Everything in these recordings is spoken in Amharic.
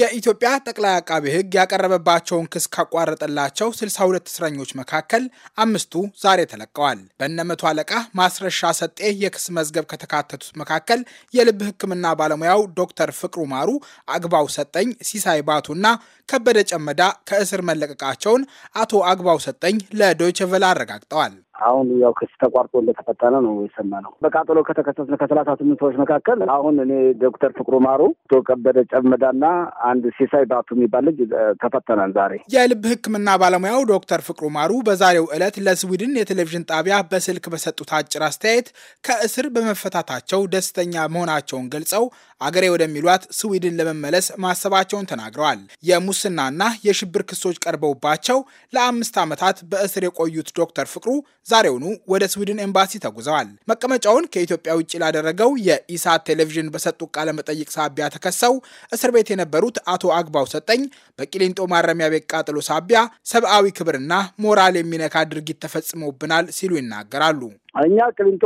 የኢትዮጵያ ጠቅላይ አቃቤ ሕግ ያቀረበባቸውን ክስ ካቋረጠላቸው 62 እስረኞች መካከል አምስቱ ዛሬ ተለቀዋል። በእነ መቶ አለቃ ማስረሻ ሰጤ የክስ መዝገብ ከተካተቱት መካከል የልብ ሕክምና ባለሙያው ዶክተር ፍቅሩ ማሩ፣ አግባው ሰጠኝ፣ ሲሳይ ባቱና ከበደ ጨመዳ ከእስር መለቀቃቸውን አቶ አግባው ሰጠኝ ለዶይቸቨላ አረጋግጠዋል። አሁን ያው ክስ ተቋርጦ እንደተፈጠነ ነው የሰማነው። በቃጠሎ ከተከሰስነ ከሰላሳ ስምንት ሰዎች መካከል አሁን እኔ ዶክተር ፍቅሩ ማሩ፣ አቶ ከበደ ጨመዳና አንድ ሲሳይ ባቱ የሚባል ልጅ ተፈተናል ዛሬ። የልብ ሕክምና ባለሙያው ዶክተር ፍቅሩ ማሩ በዛሬው ዕለት ለስዊድን የቴሌቪዥን ጣቢያ በስልክ በሰጡት አጭር አስተያየት ከእስር በመፈታታቸው ደስተኛ መሆናቸውን ገልጸው አገሬ ወደሚሏት ስዊድን ለመመለስ ማሰባቸውን ተናግረዋል። የሙስናና የሽብር ክሶች ቀርበውባቸው ለአምስት ዓመታት በእስር የቆዩት ዶክተር ፍቅሩ ዛሬውኑ ወደ ስዊድን ኤምባሲ ተጉዘዋል። መቀመጫውን ከኢትዮጵያ ውጭ ላደረገው የኢሳት ቴሌቪዥን በሰጡት ቃለ መጠይቅ ሳቢያ ተከሰው እስር ቤት የነበሩት አቶ አግባው ሰጠኝ በቂሊንጦ ማረሚያ ቤት ቃጥሎ ሳቢያ ሰብአዊ ክብርና ሞራል የሚነካ ድርጊት ተፈጽሞብናል ሲሉ ይናገራሉ። እኛ ቅሊንጦ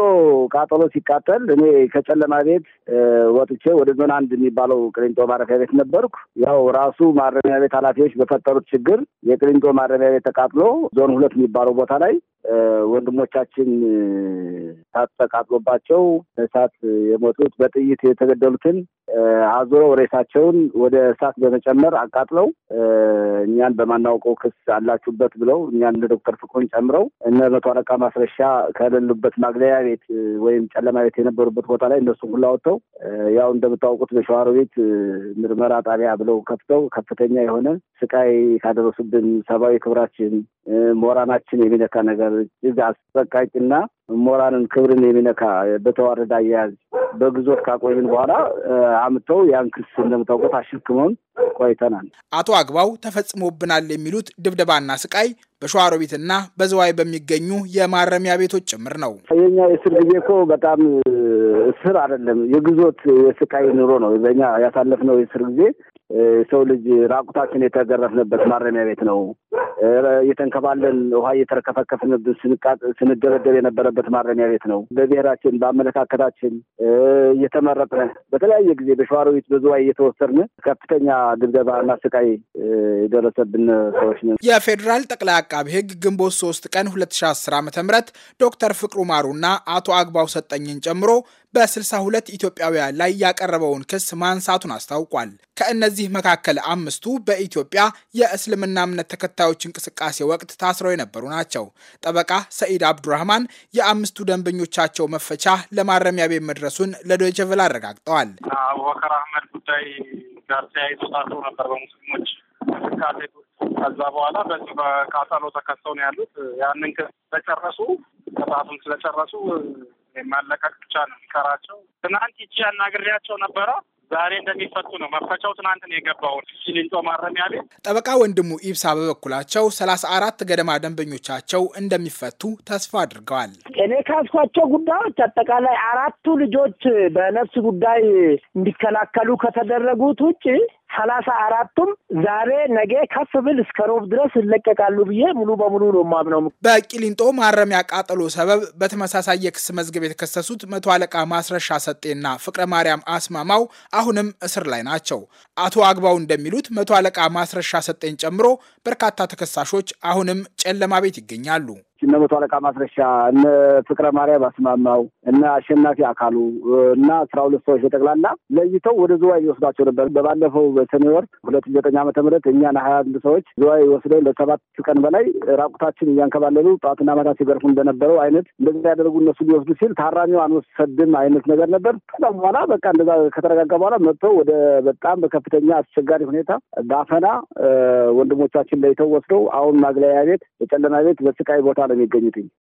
ቃጠሎ ሲቃጠል እኔ ከጨለማ ቤት ወጥቼ ወደ ዞን አንድ የሚባለው ቅሊንጦ ማረፊያ ቤት ነበርኩ። ያው ራሱ ማረሚያ ቤት ኃላፊዎች በፈጠሩት ችግር የቅሊንጦ ማረሚያ ቤት ተቃጥሎ ዞን ሁለት የሚባለው ቦታ ላይ ወንድሞቻችን እሳት ተቃጥሎባቸው እሳት የሞቱት በጥይት የተገደሉትን አዙረው ሬሳቸውን ወደ እሳት በመጨመር አቃጥለው እኛን በማናውቀው ክስ አላችሁበት ብለው እኛን እንደ ዶክተር ፍቅሩን ጨምረው እነ መቶ አለቃ ማስረሻ ከሌሉበት ማግለያ ቤት ወይም ጨለማ ቤት የነበሩበት ቦታ ላይ እነሱ ሁላ ወጥተው ያው እንደምታውቁት በሸዋሮ ቤት ምርመራ ጣቢያ ብለው ከፍተው ከፍተኛ የሆነ ስቃይ ካደረሱብን ሰብአዊ ክብራችን ሞራናችን የሚነካ ነገር እጅግ አስጠቃቂና ሞራንን ክብርን የሚነካ በተዋረደ አያያዝ በግዞት ካቆይን በኋላ አምተው ያን ክስ እንደምታውቁት አሸክመውን ቆይተናል። አቶ አግባው ተፈጽሞብናል የሚሉት ድብደባና ስቃይ በሸዋሮቢትና በዝዋይ በሚገኙ የማረሚያ ቤቶች ጭምር ነው። የኛ የእስር ጊዜ እኮ በጣም እስር አይደለም፣ የግዞት የስቃይ ኑሮ ነው። በኛ ያሳለፍነው የእስር ጊዜ ሰው ልጅ ራቁታችን የተገረፍንበት ማረሚያ ቤት ነው። እየተንከባለን ውሃ እየተረከፈከፍንብን ስንደበደብ የነበረበት ማረሚያ ቤት ነው። በብሔራችን በአመለካከታችን እየተመረጥን በተለያየ ጊዜ በሸዋሮዊት በዝዋይ እየተወሰድን ከፍተኛ እና ስቃይ የደረሰብን ሰዎች ነን። የፌዴራል ጠቅላይ አቃቢ ሕግ ግንቦት ሶስት ቀን ሁለት ሺ አስር ዓመተ ምህረት ዶክተር ፍቅሩ ማሩና አቶ አግባው ሰጠኝን ጨምሮ በ62 ኢትዮጵያውያን ላይ ያቀረበውን ክስ ማንሳቱን አስታውቋል። ከእነዚህ መካከል አምስቱ በኢትዮጵያ የእስልምና እምነት ተከታዮች እንቅስቃሴ ወቅት ታስረው የነበሩ ናቸው። ጠበቃ ሰኢድ አብዱራህማን የአምስቱ ደንበኞቻቸው መፈቻ ለማረሚያ ቤት መድረሱን ለዶይቼ አረጋግጠዋል። አቡበከር አህመድ ጉዳይ ጋር ተያይዞ ታስሮ ነበር በሙስሊሞች እንቅስቃሴ ከዛ በኋላ በዚህ በቃጠሎ ተከሰው ነው ያሉት። ያንን ስለጨረሱ ቅጣቱን ስለጨረሱ ማለቀቅ ብቻ ነው የሚቀራቸው። ትናንት ይቺ ያናግሬያቸው ነበረ። ዛሬ እንደሚፈቱ ነው። መፈቻው ትናንት ነው የገባው ሲሊንጦ ማረሚያ ቤት። ጠበቃ ወንድሙ ኢብሳ በበኩላቸው ሰላሳ አራት ገደማ ደንበኞቻቸው እንደሚፈቱ ተስፋ አድርገዋል። እኔ ካስኳቸው ጉዳዮች አጠቃላይ አራቱ ልጆች በነፍስ ጉዳይ እንዲከላከሉ ከተደረጉት ውጭ ሰላሳ አራቱም ዛሬ ነገ ከፍ ብል እስከ ሮብ ድረስ ይለቀቃሉ ብዬ ሙሉ በሙሉ ነው የማምነው። በቂሊንጦ ማረሚያ ቃጠሎ ሰበብ በተመሳሳይ የክስ መዝገብ የተከሰሱት መቶ አለቃ ማስረሻ ሰጤና ፍቅረ ማርያም አስማማው አሁንም እስር ላይ ናቸው። አቶ አግባው እንደሚሉት መቶ አለቃ ማስረሻ ሰጤን ጨምሮ በርካታ ተከሳሾች አሁንም ጨለማ ቤት ይገኛሉ። እነ መቶ አለቃ ማስረሻ፣ እነ ፍቅረ ማርያም አስማማው፣ እነ አሸናፊ አካሉ እና አስራ ሁለት ሰዎች በጠቅላላ ለይተው ወደ ዝዋይ ይወስዷቸው ነበር። በባለፈው በሰኔ ወር ሁለት ዘጠኝ ዓመተ ምህረት እኛን ሀያ አንድ ሰዎች ዝዋይ ወስደው ለሰባት ቀን በላይ ራቁታችን እያንከባለሉ ጠዋትና ማታ ሲገርፉ እንደነበረው አይነት እንደዛ ያደረጉ እነሱ ሊወስዱ ሲል ታራሚው አንወሰድም አይነት ነገር ነበር። ከዛም በኋላ በቃ እንደዛ ከተረጋጋ በኋላ መጥተው ወደ በጣም በከፍተኛ አስቸጋሪ ሁኔታ በአፈና ወንድሞቻችን ለይተው ወስደው አሁን ማግለያ ቤት፣ የጨለማ ቤት፣ በስቃይ ቦታ ነው የሚገኙትኝ